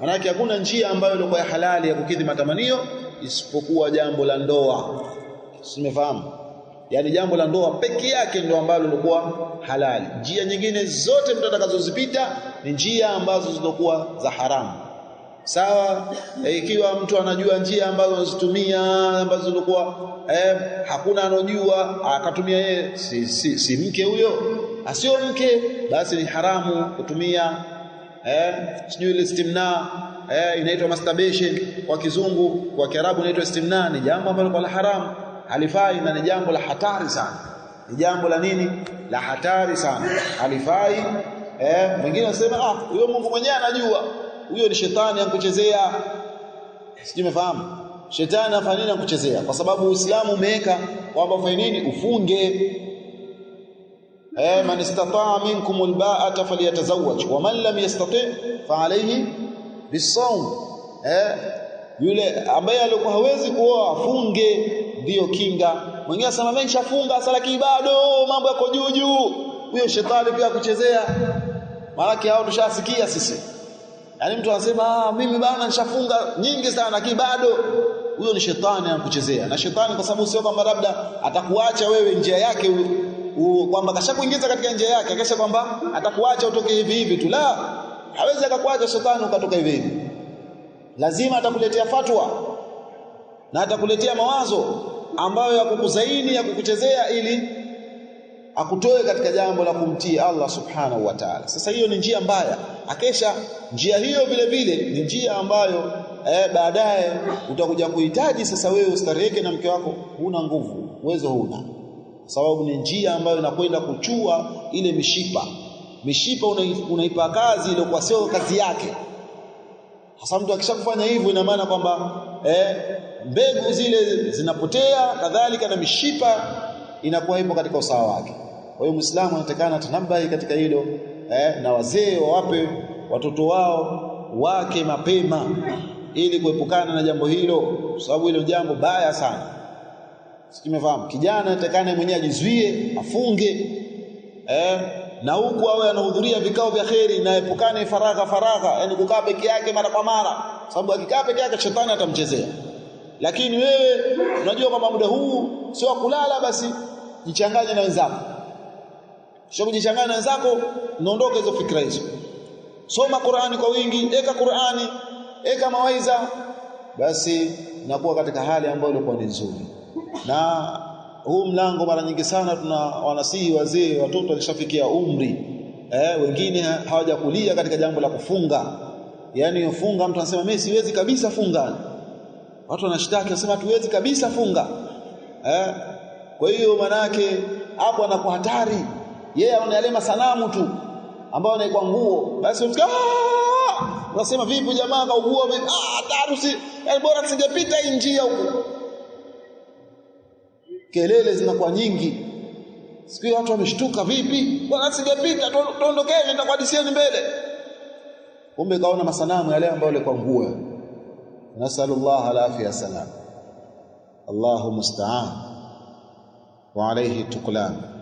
manake hakuna njia ambayo ilikuwa ya halali ya kukidhi matamanio isipokuwa jambo la ndoa. Simefahamu? Yaani jambo la ndoa peke yake ndio ambalo lilikuwa halali. Njia nyingine zote mtu atakazozipita ni njia ambazo zilizokuwa za haramu. Sawa, eh, ikiwa mtu anajua njia ambazo anazitumia ambazo zilikuwa eh, hakuna anojua akatumia yeye, si, si, si mke huyo, asio mke, basi ni haramu kutumia eh, sijui ile istimna eh, inaitwa masturbation kwa kizungu, kwa kiarabu inaitwa istimna. Ni jambo ambalo kwa la haramu halifai, na ni jambo la hatari sana, ni jambo la nini, la hatari sana, halifai. Eh, mwingine anasema ah, huyo Mungu mwenyewe anajua, huyo ni shetani ankuchezea. Sijui mfahamu shetani afanya nini? Ankuchezea, kwa sababu Uislamu umeweka kwamba fanya nini, ufunge eh, man istataa minkum alba'ata falyatazawwaj wa man lam yastati fa alayhi bisawm eh, yule ambaye alikuwa hawezi kuoa afunge, ndio kinga. Mwingine asema mimi nishafunga sasa, lakini bado mambo yako juu juu. Huyo shetani pia kuchezea, maanake hao tushasikia sisi. Yaani mtu anasema ah, mimi bana nishafunga nyingi sana, lakini bado huyo ni shetani anakuchezea. Na shetani kwa sababu sio kwamba labda atakuacha wewe njia yake huyo kwamba kashakuingiza katika njia yake, akisha kwamba atakuacha utoke hivi hivi tu, la, hawezi akakuacha shetani ukatoka hivi hivi. Lazima atakuletea fatwa na atakuletea mawazo ambayo ya kukuzaini ya kukuchezea, ili akutoe katika jambo la kumtii Allah subhanahu wa ta'ala. Sasa hiyo ni njia mbaya, akesha njia hiyo vile vile ni njia ambayo eh, baadaye utakuja kuhitaji sasa wewe ustareheke na mke wako, huna nguvu, uwezo huna sababu ni njia ambayo inakwenda kuchua ile mishipa. Mishipa unaipa kazi kwa sio kazi yake. Hasa mtu akishakufanya hivyo, ina maana kwamba eh, mbegu zile zinapotea, kadhalika na mishipa inakuwa ipo katika usawa wake. Kwa hiyo Muislamu anatakana tanabahi katika hilo eh, na wazee wawape watoto wao wake mapema, ili kuepukana na jambo hilo, sababu hilo jambo baya sana sikimefahamu kijana atakane mwenyewe ajizuie afunge eh, na huku awe anahudhuria vikao vya kheri na epukane faragha faragha, yani kukaa peke yake mara kwa mara, sababu akikaa peke yake shetani atamchezea. Lakini wewe unajua kwamba muda huu sio kulala, basi jichanganye na wenzako, sio kujichanganya na wenzako, naondoka hizo fikra hizo. Soma Qur'ani kwa wingi, eka Qur'ani, eka mawaidha, basi nakuwa katika hali ambayo ilikuwa ni nzuri na huu mlango mara nyingi sana tuna wanasihi wazee, watoto walishafikia umri eh, wengine hawajakulia katika jambo la kufunga. yani ufunga mtu anasema mimi siwezi kabisa funga, watu wanashtaki, nasema hatuwezi kabisa funga eh. Kwa hiyo manake hapo anakuwa hatari yeye, yeah, aona yale masanamu tu ambayo anaikwa nguo, basi unasema vipi jamaa kaugua, ah, tarusi yaani bora singepita hii njia huko kelele zinakuwa nyingi. Siku watu wameshtuka, vipi bwana, sijapita tuondokeni, nitakuhadisieni mbele. Kumbe kaona masanamu yale ambayo yalikuwa nguo. Nasallallahu alaihi wasallam allahumusta'an wa alayhi tuklan.